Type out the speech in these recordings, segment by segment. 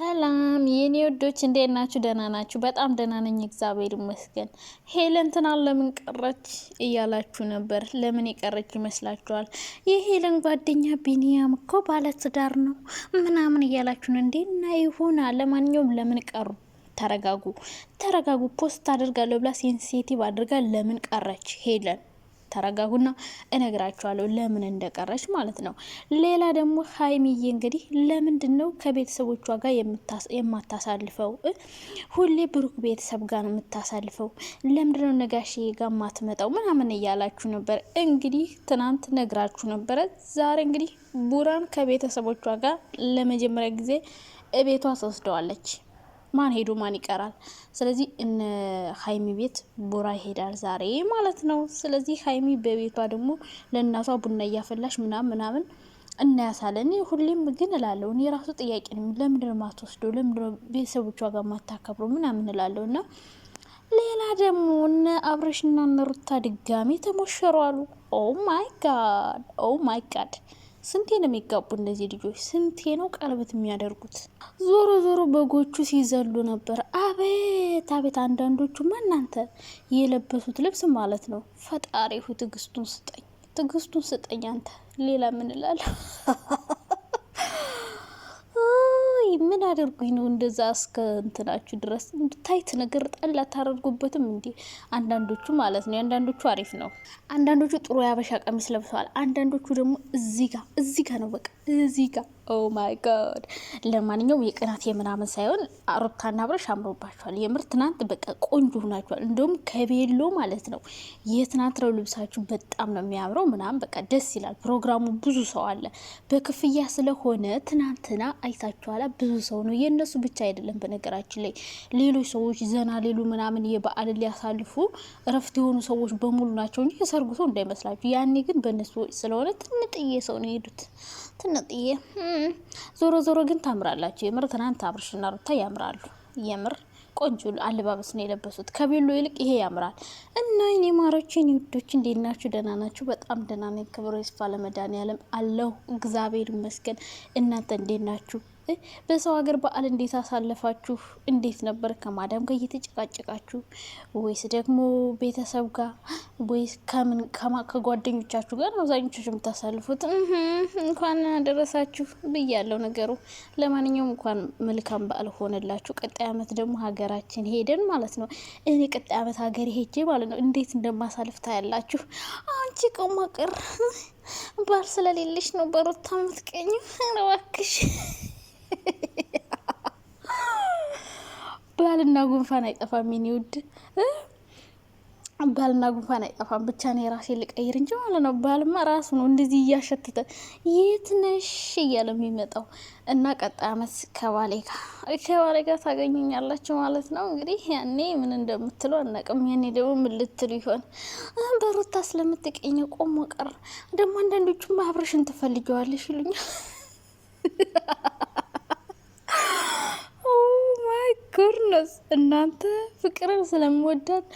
ሰላም የኔ ወዶች እንዴት ናችሁ? ደህና ናችሁ? በጣም ደህና ነኝ፣ እግዚአብሔር ይመስገን። ሄለን ትናንት ለምን ቀረች እያላችሁ ነበር። ለምን የቀረች ይመስላችኋል? የሄለን ጓደኛ ቢኒያም እኮ ባለትዳር ነው ምናምን ነው እንዴ እና ይሆና። ለማንኛውም ለምን ቀሩ? ተረጋጉ፣ ተረጋጉ። ፖስት አድርጋለሁ ብላ ሴንሲቲቭ አድርጋ ለምን ቀረች ሄለን ተረጋጉና እነግራችኋለሁ ለምን እንደቀረች ማለት ነው። ሌላ ደግሞ ሀይሚዬ እንግዲህ ለምንድን ነው ከቤተሰቦቿ ጋር የማታሳልፈው? ሁሌ ብሩክ ቤተሰብ ጋር ነው የምታሳልፈው። ለምንድን ነው ነጋሽ ጋር ማትመጣው? ምናምን እያላችሁ ነበር። እንግዲህ ትናንት ነግራችሁ ነበረ። ዛሬ እንግዲህ ቡራን ከቤተሰቦቿ ጋር ለመጀመሪያ ጊዜ እቤቷ ተወስደዋለች። ማን ሄዶ ማን ይቀራል? ስለዚህ እነ ሀይሚ ቤት ቡራ ይሄዳል ዛሬ ማለት ነው። ስለዚህ ሀይሚ በቤቷ ደግሞ ለእናቷ ቡና እያፈላሽ ምናምን ምናምን እናያሳለን። ሁሌም ግን እላለሁ እኔ የራሱ ጥያቄ ነው። ለምንድን ነው ለምንድን ቤተሰቦቿ ጋር ምናምን እላለሁ እና ሌላ ደግሞ እነ አብረሽና እነ ሩታ ድጋሚ ተሞሸሯሉ። ኦ ማይ ጋድ ኦ ማይ ጋድ ስንቴ ነው የሚጋቡ እነዚህ ልጆች? ስንቴ ነው ቀለበት የሚያደርጉት? ዞሮ ዞሮ በጎቹ ሲዘሉ ነበር። አቤት አቤት! አንዳንዶቹማ እናንተ የለበሱት ልብስ ማለት ነው። ፈጣሪሁ ትዕግስቱን ስጠኝ፣ ትዕግስቱን ስጠኝ። አንተ ሌላ ምን እላለሁ? አድርጉኝ ነው እንደዛ እስከ እንትናችሁ ድረስ እንድታይት ነገር ጣል አታደርጉበትም እንዴ? አንዳንዶቹ ማለት ነው። አንዳንዶቹ አሪፍ ነው። አንዳንዶቹ ጥሩ ያበሻ ቀሚስ ለብሰዋል። አንዳንዶቹ ደግሞ እዚህ ጋ እዚህ ጋ ነው በቃ እዚህ ጋ ኦ ማይ ጋድ! ለማንኛውም የቅናት የምናምን ሳይሆን ሩታና አብረሽ አምሮባቸዋል። የምር ትናንት በቃ ቆንጆ ሆናቸዋል። እንዲሁም ከቤሎ ማለት ነው የትናንት ነው ልብሳችሁ በጣም ነው የሚያምረው ምናምን በቃ ደስ ይላል። ፕሮግራሙ ብዙ ሰው አለ በክፍያ ስለሆነ ትናንትና አይታችኋላ። ብዙ ሰው ነው የእነሱ ብቻ አይደለም። በነገራችን ላይ ሌሎች ሰዎች ዘና ሌሉ ምናምን የበዓል ሊያሳልፉ እረፍት የሆኑ ሰዎች በሙሉ ናቸው እንጂ የሰርጉ ሰው እንዳይመስላችሁ። ያኔ ግን በእነሱ ስለሆነ ትንጥዬ ሰው ነው የሄዱት። ትንጥዬ ዞሮ ዞሮ ግን ታምራላቸው። የምር ትናንት አብርሽና ሩታ ያምራሉ። የምር ቆንጆ አለባበስ ነው የለበሱት። ከቤሎ ይልቅ ይሄ ያምራል። እና ይኔ ማሮች፣ የኔ ውዶች እንዴት ናችሁ? ደህና ናችሁ? በጣም ደህና ነኝ። ክብሩ ይስፋ ለመድኃኔዓለም አለሁ። እግዚአብሔር ይመስገን። እናንተ እንዴት ናችሁ? በሰው ሀገር በዓል እንዴት አሳለፋችሁ? እንዴት ነበር? ከማዳም ጋር እየተጨቃጨቃችሁ ወይስ ደግሞ ቤተሰብ ጋር ወይስ ከምን ከጓደኞቻችሁ ጋር አብዛኞቻችሁ የምታሳልፉት? እንኳን ደረሳችሁ ብያለው ነገሩ። ለማንኛውም እንኳን መልካም በዓል ሆነላችሁ። ቀጣይ ዓመት ደግሞ ሀገራችን ሄደን ማለት ነው። እኔ ቀጣይ ዓመት ሀገር ሄጄ ማለት ነው እንዴት እንደማሳልፍ ታያላችሁ። አንቺ ቀማቅር ባል ስለሌለሽ ነው በሮታ ምትቀኝ እባክሽ። ባልና ጉንፋን አይጠፋም። ሚኒ ውድ ባልና ጉንፋን አይጠፋም። ብቻ ነው የራሴን ልቀይር እንጂ ማለት ነው። ባልማ ራሱ ነው እንደዚህ እያሸተተ የት ነሽ እያለ የሚመጣው እና ቀጣይ አመት ከባሌ ጋር ከባሌ ጋር ታገኙኛላችሁ ማለት ነው። እንግዲህ ያኔ ምን እንደምትሉ አናቅም። ያኔ ደግሞ ምን ልትሉ ይሆን? በሩታ ስለምትቀኝ ቆሞ ቀር ደግሞ አንዳንዶቹ ማህብረሽን ትፈልጊዋለሽ ይሉኛል። ማይ ጎርነስ እናንተ ፍቅርን ስለምወዳት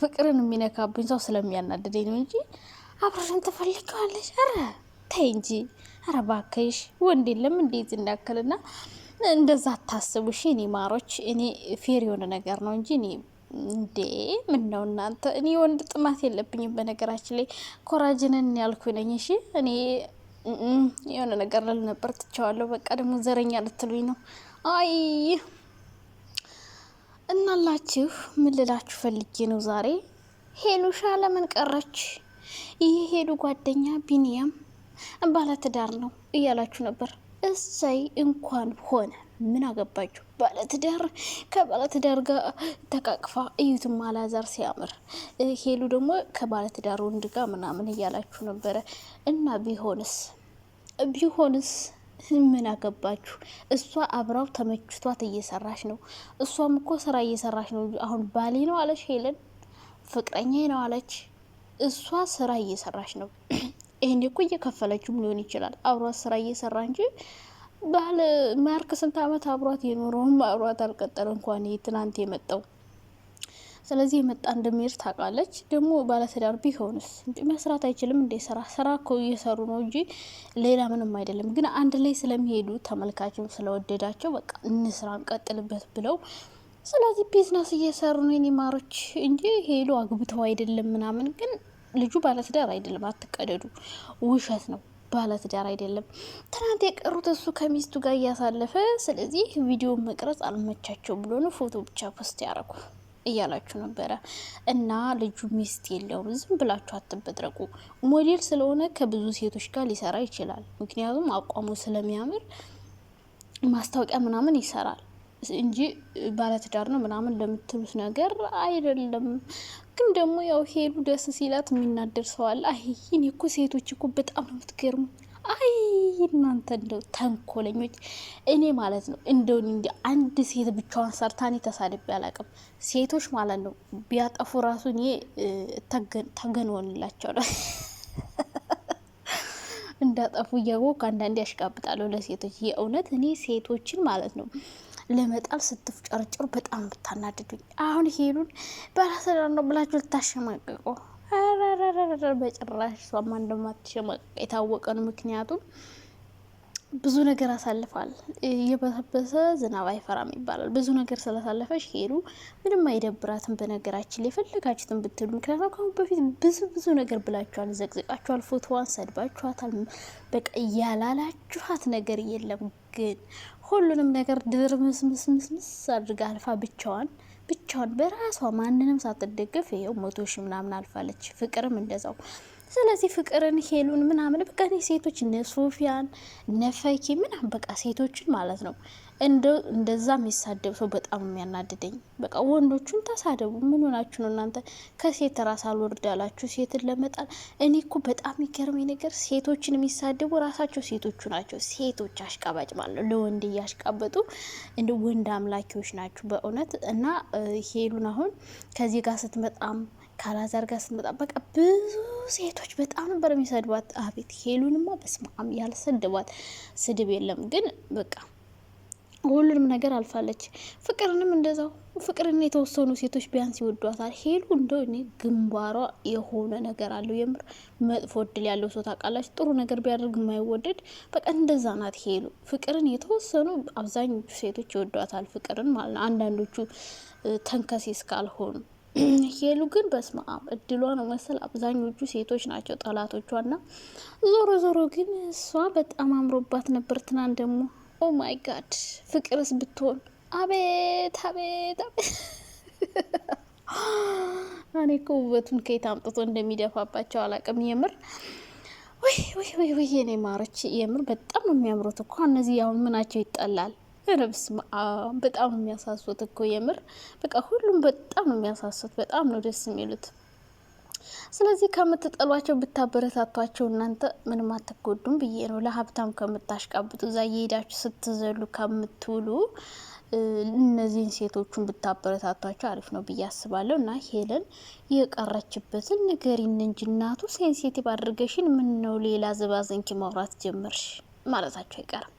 ፍቅርን የሚነካብኝ ሰው ስለሚያናድደኝ ነው እንጂ አብረሽን ትፈልጊዋለሽ? ኧረ ተይ እንጂ ኧረ እባክሽ ወንድ የለም እንዴት እንዳክልና እንደዛ አታስቡሽ። እኔ ማሮች፣ እኔ ፌር የሆነ ነገር ነው እንጂ እኔ እንዴ ምን ነው እናንተ፣ እኔ ወንድ ጥማት የለብኝም። በነገራችን ላይ ኮራጅነን ያልኩ ነኝ። እሺ እኔ የሆነ ነገር ልል ነበር ትቸዋለሁ። በቃ ደግሞ ዘረኛ ልትሉኝ ነው። አይ እናላችሁ ምልላችሁ ፈልጌ ነው ዛሬ ሄሉሻ ለምን ቀረች? ይህ ሄሉ ጓደኛ ቢንያም ባለትዳር ነው እያላችሁ ነበር። እሰይ እንኳን ሆነ። ምን አገባችሁ? ባለትዳር ከባለትዳር ጋር ተቃቅፋ እዩትም አላዛር ሲያምር፣ ሄሉ ደግሞ ከባለትዳር ወንድ ጋር ምናምን እያላችሁ ነበረ እና ቢሆንስ ቢሆንስ ምን አገባችሁ? እሷ አብራው ተመችቷት እየሰራች ነው። እሷም እኮ ስራ እየሰራች ነው። አሁን ባሌ ነው አለች ሄለን፣ ፍቅረኛ ነው አለች። እሷ ስራ እየሰራች ነው። ይህን እኮ እየከፈለችም ሊሆን ይችላል። አብሯት ስራ እየሰራ እንጂ ባል ማርክ ስንት አመት አብሯት የኖረውም አብሯት አልቀጠለ እንኳን ትናንት የመጣው ስለዚህ የመጣ እንደሚሄድ ታውቃለች። ደግሞ ባለትዳር ቢሆንስ መስራት አይችልም እንዴ? ስራ ስራ እኮ እየሰሩ ነው እንጂ ሌላ ምንም አይደለም። ግን አንድ ላይ ስለሚሄዱ ተመልካችም ስለወደዳቸው በቃ እንስራ እንቀጥልበት ብለው ስለዚህ ቢዝነስ እየሰሩ ነው የኔ ማሮች እንጂ ሄሎ አግብተው አይደለም ምናምን። ግን ልጁ ባለትዳር አይደለም፣ አትቀደዱ። ውሸት ነው። ባለትዳር አይደለም። ትናንት የቀሩት እሱ ከሚስቱ ጋር እያሳለፈ ስለዚህ ቪዲዮ መቅረጽ አልመቻቸው ብሎ ነው ፎቶ ብቻ ፖስት ያደረጉ። እያላችሁ ነበረ እና ልጁ ሚስት የለውም። ዝም ብላችሁ አትበጥረቁ። ሞዴል ስለሆነ ከብዙ ሴቶች ጋር ሊሰራ ይችላል። ምክንያቱም አቋሙ ስለሚያምር ማስታወቂያ ምናምን ይሰራል እንጂ ባለትዳር ነው ምናምን ለምትሉት ነገር አይደለም። ግን ደግሞ ያው ሄሉ ደስ ሲላት የሚናደር ሰዋል። አይ እኔ እኮ ሴቶች እኮ በጣም ነው የምትገርሙ። አይ እናንተ እንደው ተንኮለኞች! እኔ ማለት ነው እንደው እንዲ አንድ ሴት ብቻዋን ሰርታን የተሳደብ ተሳድቤ አላቅም። ሴቶች ማለት ነው ቢያጠፉ ራሱ እኔ ተገንወንላቸው ነው እንዳጠፉ እያወቅ አንዳንዴ ያሽቃብጣለሁ ለሴቶች የእውነት እኔ ሴቶችን ማለት ነው ለመጣል ስትፍጨርጭር በጣም ብታናድዱኝ። አሁን ሄዱን በራሰዳር ነው ብላችሁ ልታሸማቅቁ በጭራሽ እሷማ እንደማትሸማቀቅ የታወቀ ነው። ምክንያቱም ብዙ ነገር አሳልፋል። እየበሰበሰ ዝናብ አይፈራም ይባላል። ብዙ ነገር ስላሳለፈች ሄሉ ምንም አይደብራትም። በነገራችን ላይ ፈለጋችሁትን ብትሉ፣ ምክንያቱም ከአሁን በፊት ብዙ ብዙ ነገር ብላችኋል፣ ዘቅዝቃችኋል፣ ፎቶዋን ሰድባችኋታል። በቃ እያላላችኋት ነገር የለም። ግን ሁሉንም ነገር ድርምስምስምስምስ አድርጋ አልፋ ብቻዋን ብቻዋን በራሷ ማንንም ሳትደገፍ ይኸው መቶ ሺህ ምናምን አልፋለች። ፍቅርም እንደዛው ስለዚህ ፍቅርን ሄሉን ምናምን በቃ እኔ ሴቶች እነ ሶፊያን እነ ፈኪ ምናምን በቃ ሴቶችን ማለት ነው እንደ እንደዛ የሚሳደብ ሰው በጣም የሚያናድደኝ በቃ ወንዶቹን ተሳደቡ። ምን ሆናችሁ ነው እናንተ? ከሴት ራስ አልወርድ ያላችሁ ሴትን ለመጣል እኔ እኮ በጣም የሚገርመኝ ነገር ሴቶችን የሚሳደቡ ራሳቸው ሴቶቹ ናቸው። ሴቶች አሽቃባጭ ማለት ነው፣ ለወንድ እያሽቃበጡ እንደ ወንድ አምላኪዎች ናችሁ በእውነት እና ሄሉን አሁን ከዚህ ጋር ስትመጣም ካላዛር ጋር ስንመጣ በቃ ብዙ ሴቶች በጣም ነበር የሚሰድቧት። አቤት ሄሉንማ በስመ አብ ያልሰድቧት ስድብ የለም። ግን በቃ ሁሉንም ነገር አልፋለች። ፍቅርንም እንደዛው ፍቅርን የተወሰኑ ሴቶች ቢያንስ ይወዷታል። ሄሉ እንደው እኔ ግንባሯ የሆነ ነገር አለው። የምር መጥፎ እድል ያለው ሰው ታውቃላች። ጥሩ ነገር ቢያደርግ የማይወደድ በቃ እንደዛ ናት ሄሉ። ፍቅርን የተወሰኑ አብዛኞቹ ሴቶች ይወዷታል። ፍቅርን ማለት ነው። አንዳንዶቹ ተንከሴ እስካልሆኑ ሄሉ ግን በስመ አብ እድሏ ነው መሰል አብዛኞቹ ሴቶች ናቸው ጠላቶቿ። ና ዞሮ ዞሮ ግን እሷ በጣም አምሮባት ነበር። ትናን ደግሞ ኦ ማይ ጋድ ፍቅርስ ብትሆን አቤት አቤት አቤት! እኔ እኮ ውበቱን ከየት አምጥቶ እንደሚደፋባቸው አላቅም። የምር ወይ ወይ ወይ ወይ የኔ ማረች የምር በጣም ነው የሚያምሩት እኮ እነዚህ። አሁን ምናቸው ይጠላል? ረብስ በጣም የሚያሳስት እኮ የምር በቃ ሁሉም በጣም ነው የሚያሳስት። በጣም ነው ደስ የሚሉት። ስለዚህ ከምትጠሏቸው ብታበረታቷቸው እናንተ ምንም አትጎዱም ብዬ ነው። ለሀብታም ከምታሽቃብጡ እዛ እየሄዳችሁ ስትዘሉ ከምትውሉ እነዚህን ሴቶቹን ብታበረታቷቸው አሪፍ ነው ብዬ አስባለሁ። እና ሄለን የቀረችበትን ንገሪን እንጂ እናቱ ሴንሲቲቭ አድርገሽን ምን ነው ሌላ ዘባዘንኪ ማውራት ጀመርሽ ማለታቸው አይቀርም።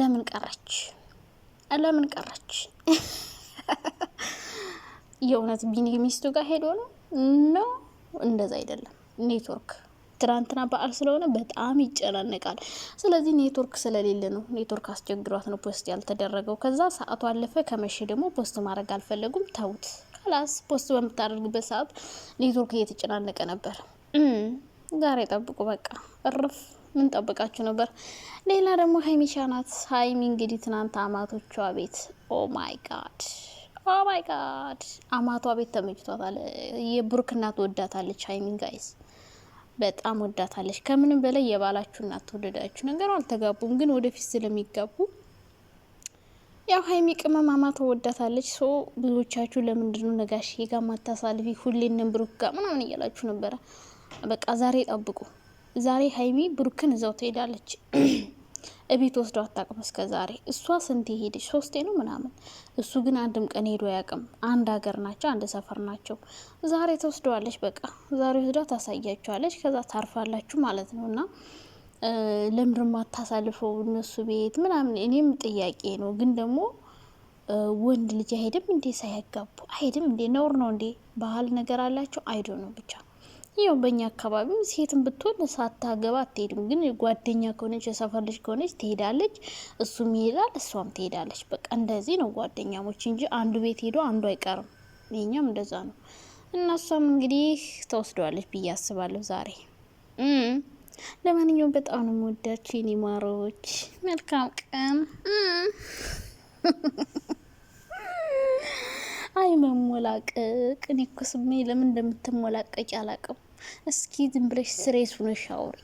ለምን ቀረች? ለምን ቀረች? የእውነት ቢኒ ሚስቱ ጋር ሄዶ ነው ኖ እንደዛ አይደለም። ኔትወርክ ትናንትና በዓል ስለሆነ በጣም ይጨናነቃል። ስለዚህ ኔትወርክ ስለሌለ ነው። ኔትወርክ አስቸግሯት ነው ፖስት ያልተደረገው። ከዛ ሰዓቱ አለፈ። ከመሸ ደግሞ ፖስት ማድረግ አልፈለጉም። ተውት ከላስ ፖስት በምታደርግበት ሰዓት ኔትወርክ እየተጨናነቀ ነበር። ዛሬ ጠብቁ፣ በቃ እርፍ ምን ጠብቃችሁ ነበር? ሌላ ደግሞ ሀይሚሻ ናት። ሀይሚ እንግዲህ ትናንት አማቶቿ ቤት ኦ ማይ ጋድ ኦ ማይ ጋድ አማቷ ቤት ተመችቷታል። የብሩክ እናት ወዳታለች ሀይሚን ጋይስ በጣም ወዳታለች። ከምንም በላይ የባላችሁ እናት ተወደዳችሁ። ነገሩ አልተጋቡም፣ ግን ወደፊት ስለሚጋቡ ያው ሀይሚ ቅመም አማቷ ወዳታለች። ሶ ብዙዎቻችሁ ለምንድነው ነጋሽ ጋ ማታሳልፊ ሁሌ ብሩክ ጋ ምናምን እያላችሁ ነበረ። በቃ ዛሬ ጠብቁ። ዛሬ ሀይሚ ብሩክን እዛው ትሄዳለች። እቤት ወስዶ አታውቅም እስከ ዛሬ። እሷ ስንት ሄደች? ሶስቴ ነው ምናምን። እሱ ግን አንድም ቀን ሄዶ አያውቅም። አንድ ሀገር ናቸው፣ አንድ ሰፈር ናቸው። ዛሬ ተወስደዋለች። በቃ ዛሬ ወስዳ ታሳያቸዋለች። ከዛ ታርፋላችሁ ማለት ነው እና ለምድር ማታሳልፈው እነሱ ቤት ምናምን። እኔም ጥያቄ ነው ግን ደግሞ ወንድ ልጅ አይሄድም እንዴ? ሳያጋቡ አይሄድም እንዴ? ነውር ነው እንዴ? ባህል ነገር አላቸው አይዶ ነው ብቻ ይኸው በእኛ አካባቢም ሴትም ብትሆን ሳታገባ አትሄድም። ግን ጓደኛ ከሆነች የሰፈር ልጅ ከሆነች ትሄዳለች፣ እሱም ይሄዳል፣ እሷም ትሄዳለች። በቃ እንደዚህ ነው ጓደኛሞች እንጂ አንዱ ቤት ሄዶ አንዱ አይቀርም። ይኛም እንደዛ ነው እና እሷም እንግዲህ ተወስደዋለች ብዬ አስባለሁ ዛሬ። ለማንኛውም በጣም ነው የምወዳችሁ የኔ ማሮች፣ መልካም ቀን። አይ መሞላቀቅ። እኔ እኮ ስሜ ለምን እንደምትሞላቀቂ አላውቅም። እስኪ ዝም ብለሽ ስሬት ሆነሽ አውሪ።